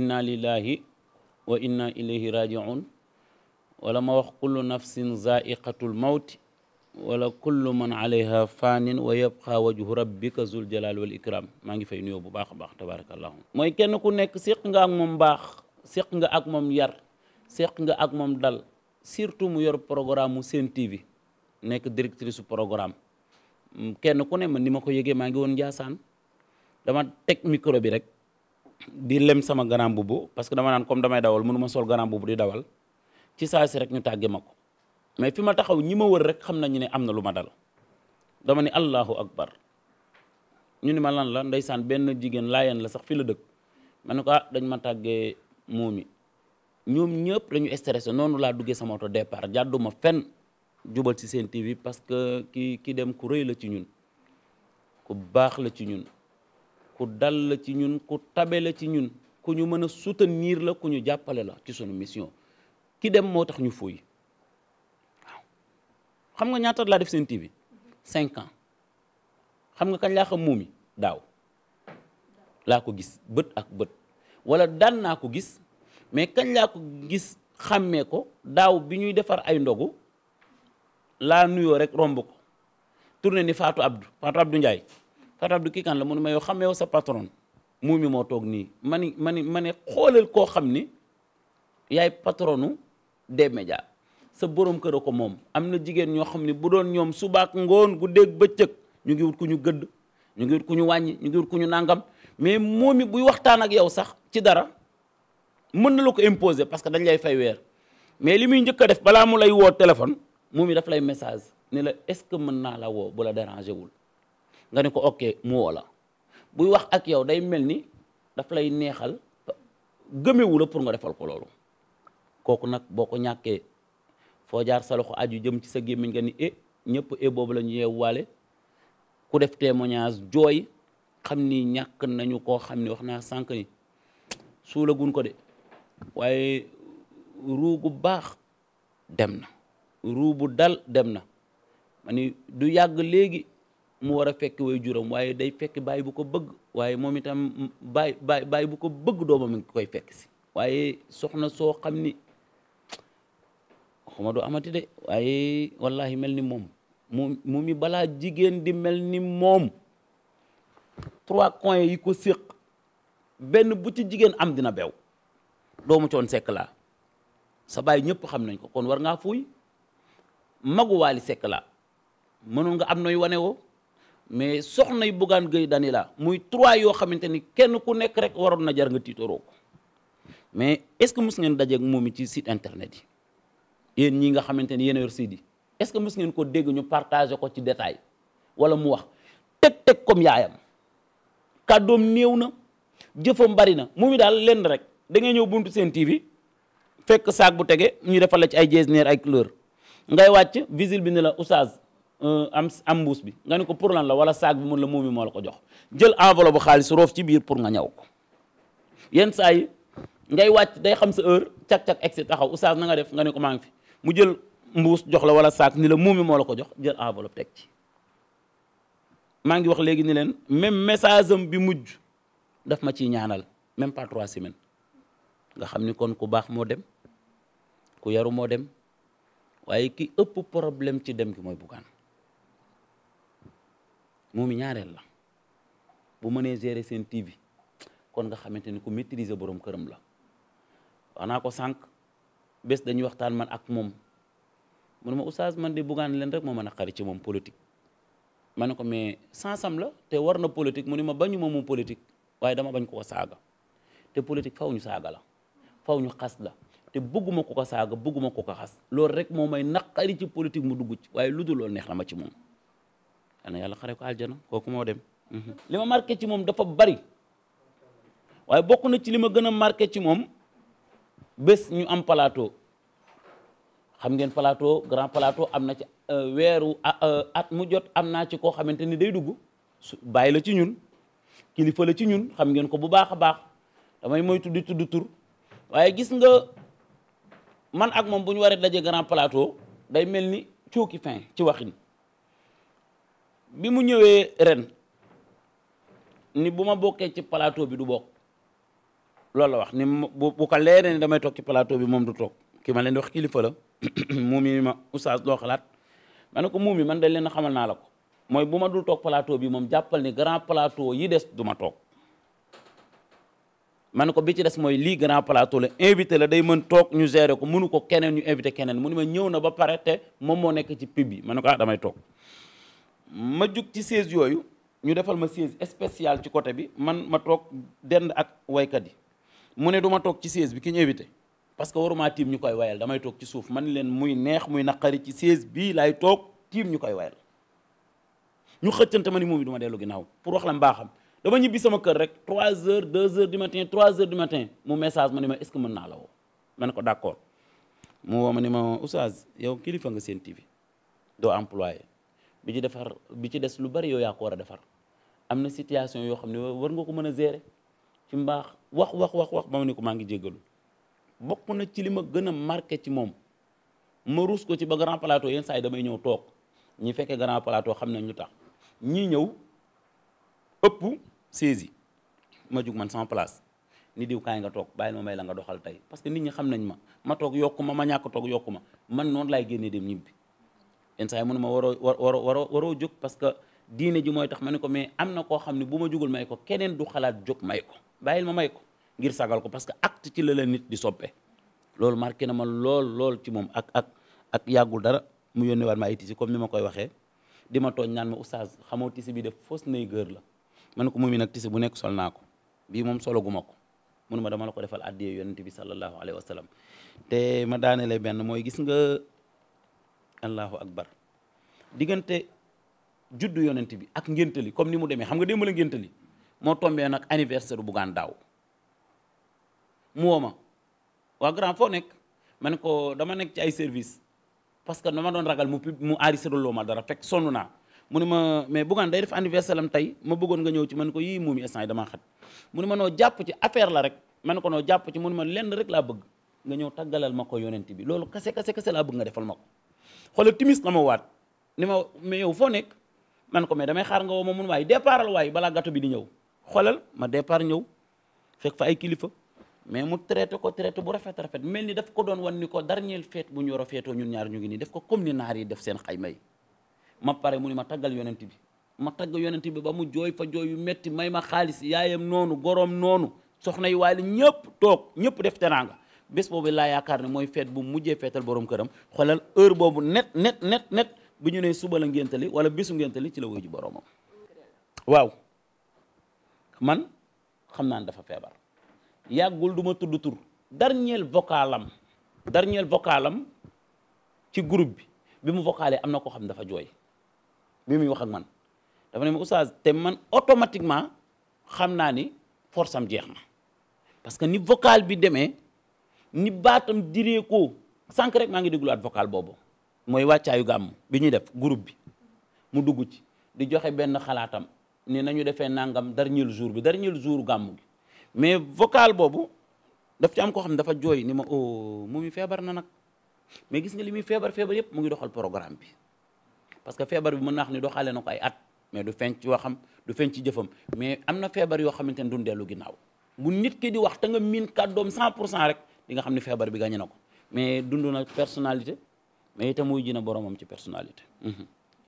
inna lillahi wa inna ilayhi rajiun wala ma wax kullu nafsin zaiqatul mawt wala kullu man alayha fanin wa yabqa wajhu rabbika zul jalal wal ikram maa ngi fay nuyoo bu baax a baax tabarakallahu mooy kenn ku nekk séq nga ak moom baax séq nga ak moom yar séq nga ak moom dal surtout mu yor programme mu Sen TV nekk directrice su programme kenn ku ne man ni ko yëgee maa ngi woon Njaasaan dama rek di lem sama grand boubou parce que dama naan comme damay dawal mënu ma sol grand boubou di dawal ci saa si rek ñu tàggee ma ko mais fi ma taxaw ñi ma wër rek xam nañu ne am na lu ma dal dama ne allahu akbar ñu ni ma lan la ndeysaan benn jigéen laayeen la sax fi la dëkk ma ne ko ah dañ ma tàggee moomi ñoom ñëpp dañu stressé noonu laa duggee sama oto départ jàdduma fenn jubal ci seen TV parce que ki ki dem ku rëy la ci ñun ku baax la ci ñun ku dal la ci ñun ku tabe la ci ñun ku ñu mën a ñiir la ku ñu jàppale la ci sunu mission ki dem moo tax ñu fuy xam nga ñaata laa def seen TV cinq ans xam nga kañ laa xam muumi daaw laa ko gis bët ak bët wala dal naa ko gis mais kañ laa ko gis xàmmee ko daaw bi ñuy defar ay ndogu laa nuyoo rek romb ko tourné ni Fatou Abdou Fatou Abdou Ndiaye xar du kii kan la mu ne ma yow xameewu sa patron mu mi moo toog nii ma ni ma ni ma koo xam ni yaay patronu des médias sa borom kër a ko moom am na jigéen ñoo xam ne bu doon ñoom subaak ngoon gu dégg bëccëg ñu ngi wut ku ñu gëdd ñu ngi wut ku ñu wàññi ñu ngi wut ku ñu nàngam mais moom mi buy waxtaan ak yow sax ci dara mën na la ko imposer parce que dañ lay fay weer mais li muy njëkk a def balaa mu lay woo téléphone moom mi daf lay message ne la est mën naa la woo bu la wul nga ne ko ok mu woo buy wax ak yow day mel ni daf lay neexal gëmewu la pour nga defal ko loolu kooku nag boo ko ñàkkee foo jaar sa loxo aju jëm ci sa gémmiñ nga ni e ñëpp e boobu la ñu yeewwaale ku def témoignage jooy xam ni ñàkk nañu koo xam ni wax naa sànq ni suulagun ko de waaye ruu gu baax dem na ruu bu dal dem na ma du yàgg léegi mu war a fekk way juram waaye day fekk baay bu ko bëgg waaye moom itam baay bu ko bëgg dooma mi ngi koy fekk si waaye soxna soo xam ni xama du amati de waaye wallahi mel ni moom mu mu balaa jigéen di mel ni moom trois coins yi ko séq benn bu ci jigéen am dina bew doomu coon sekk laa sa baay ñëpp xam nañ ko kon war ngaa fuuy magu waali sekk laa mënoon nga am nooy wane woo mais soxna yu Bougane Gueye Dany la muy trois yoo xamante ni kenn ku nekk rek waroon na jar nga tiitoroo mais est-ce que mës ngeen dajeeg moom ci site internet yi yéen ñi nga xamante ni yéen a yor est-ce que mës ngeen ko dégg ñu partagé ko ci détail wala mu wax teg-teg comme yaayam kàddoom néew na jëfam bari na mu mi daal lenn rek da ngay ñëw buntu seen TV fekk saak bu tege ñu defal la ci ay jees neer ay couleur ngay wàcc visile bi ne la oustaz Euh, am am mbuus bi nga ne ko pour lan la wala saag bi mun la muumi moo la ko jox jël enveloppe bu xaalis roof ci biir pour nga ñaw ko yenn saay ngay wàcc day xam sa heure cak-cak egsi u oustaz na nga def nga ne ko maa ngi fi mu jël mbuus jox la wala saak ni la muumi moo la ko jox jël enveloppe teg ci maa ngi wax léegi ni leen même message am bi mujj daf ma ciy ñaanal même pas trois semaines nga xam ni kon ku baax moo dem ku yaru moo dem waaye ki ëpp problème ci dem gi mooy bugaan moomu ñaareel la bu mënee gérer seen TV kon nga xamante ni ku maîtriser borom këram la wax naa ko sànq bes dañuy waxtaan man ak moom mun ma oustaz man de bugaan leen rek moo mën a xari ci moom politique ma ne ko mais sansam la te war na politique mu ni ma bañu ma moom politique waaye dama bañ koo saaga te politique faw ñu saaga la faw ñu xas la te bëgguma ko ko saaga bëgguma ko ko xas loolu rek moo may naqari ci politique mu dugg ci waaye lu dul loolu neex na ci moom yal yàlla xare ko aljana kooku moo dem li ma marqué ci moom dafa bari waaye bokk na ci li ma gën a marqué ci moom bés ñu am plateau xam ngeen plateau grand plateau am na ci euh, weeru euh, at mu jot am naa ci koo xamante ni day dugg su bàyyi la ci ñun kilifala ci ñun xam ngeen ko bu baax a baax damay moy di tudd tur waaye gis nga man ak moom bu ñu waree daje grand plateau day mel ni cooki fin ci waxin bi mu ñëwee ren ni bu ma bokkee ci plateau bi du bokk loolu wax ni bu bu ko leeree ni damay toog ci plateau bi moom du toog ki ma leen di wax kilifa la muumi ma oustaz loo xalaat ma ne ko muumi man dañ leen xamal naa la ko mooy bu ma dul toog plateau bi moom jàppal ni grand plateau yi des du ma toog ma ne ko bi ci des mooy lii grand plateau la invité la day mën toog ñu gérer ko mënu ko keneen ñu invité keneen mu ni ma ñëw na ba pare te moom moo nekk ci pub bi ma ne ko ah damay toog ma jug ci siège yooyu ñu defal ma siège spécial ci côté bi man ma toog dend ak waykat yi mu ne du ma toog ci siège bi ki ñu invité parce que waruma tiim ñu koy wayal damay toog ci suuf man leen muy neex muy naqari ci siège bii laay toog tiim ñu koy wayal ñu xëccante ma ni moom du ma dellu ginnaaw pour wax la mbaaxam dama ñibbi sama kër rek trois heures 2 heures du matin trois heures du matin mu message ma ni ma est ce que mën naa la woo ma ne ko d' accord mu woo ma ni ma oustaz yow kilifa nga seen doo employé bi ci defar bi ci des lu bari yow yaa war a defar am na situation yoo xam ne war nga ko mën a gérer ci mbaax wax wax wax wax ba ma ne ko maa ngi jéggalu bokk na ci li ma gën a marqué ci moom ma ruus ko ci ba grand plateau yenn saa yi damay ñëw toog ñi fekkee grand plateau xam nañ lu tax ñii ñëw ëpp saisi ma jug man sans place ni diw kaay nga toog bàyyi ma may la nga doxal tey parce que nit ñi xam nañ ma ma toog yokku ma ma ñàkk toog yokku ma man noonu laay génnee dem ñibbi yenn saa yi mënu ma waroo waroo waroo waroo jóg parce que diine ji mooy tax ma ne ko mais am na koo xam ne bu ma jugul may ko keneen du xalaat jóg may ko bàyyil ma may ko ngir sagal ko parce que acte ci la la nit di soppe loolu marqué na ma lool lool ci moom ak ak ak yàggul dara mu yoon ne waat ma ay tisi comme ni ma koy waxee di ma tooñ naan ma oustaz xamoo tisi bi def fausse nay gër la ma ne ko mumi nag tisi bu nekk sol naa ko bii moom solo gu ma ko mënu ma dama la ko defal addiyee yonent bi sallallahu alayhi wa allahu akbar diggante juddu yonent bi ak ngéntali comme ni mu demee xam nga démb la ngéntali moo tombee nag anniversaire bu gaan daaw mu woo ma waa grand foo nekk ma ne ko dama nekk ci ay service parce que dama doon ragal mu mu enregistré ma dara fekk sonn naa mu ne ma mais Bougane day def anniversaire ma bëggoon nga ñëw ci ma ko yii moom yi instant mu ne ma noo jàpp ci affaire la rek man ne ko noo jàpp ci mu ma lend rek laa bëgg nga ñëw tàggalal ma ko yonent bi loolu kase kase kase laa bëgg nga defal ma ko xoolal timis la ma waat ni ma mais yow foo nekk man ko mais damay xaar nga woo ma mun waay départal waaye balaa gato bi di ñëw xoolal ma départ ñëw fekk fa ay kilifa mais mu traité ko traité bu rafet rafet mel ni daf ko doon wan ni ko dernier fête bu ñu war a feetoo ñun ñaar ñu ngi nii def ko comme ni naar yi def seen xayma yi ma pare mu ni ma taggal yonent bi ma tagg yonent bi ba mu jooy fa jooy yu metti may ma xaalis yaayam noonu goroom noonu soxna yi waale ñëpp toog ñëpp def teraanga bés boobu laa yaakaar ne mooy feet bu mujjee feetal borom këram xoolal heure boobu net net net net bu ñu nee suba la ngéntali wala bésu ngéntali ci la wuyu ji boromam. waaw man xam naa ne dafa feebar yàggul du ma tudd tur dernier vocalam dernier vocalam ci groupe bi bi mu vocalé am na koo xam dafa jooy bi muy wax man dafa ne ma oustaz te man automatiquement xam naa ni force jeex na parce ni vocal bi demee. ni baatam diree ko sànq rek maa ngi déglu vocal boobu mooy wàccaayu gàmm bi ñuy def groupe bi mu dugg ci di joxe benn xalaatam ni ñu defee nangam dernier jour bi dernier jour gàmm mais vocal boobu daf ci am dafa jooy ni ma oh, mu mi feebar na nag mais gis nga li muy feebar feebar yëpp mu ngi doxal programme bi parce que feebar bi mën naa wax ni doxalee na ko ay at mais du feeñ ci xam du feeñ ci jëfam mais am na feebar yoo xamante ne duñ dellu ginnaaw bu nit ki di wax nga miin kàddoom 100 pour cent rek li nga xam ne feebar bi gàññi na ko mais dund na personnalité mais itam ji na boromam ci personnalité.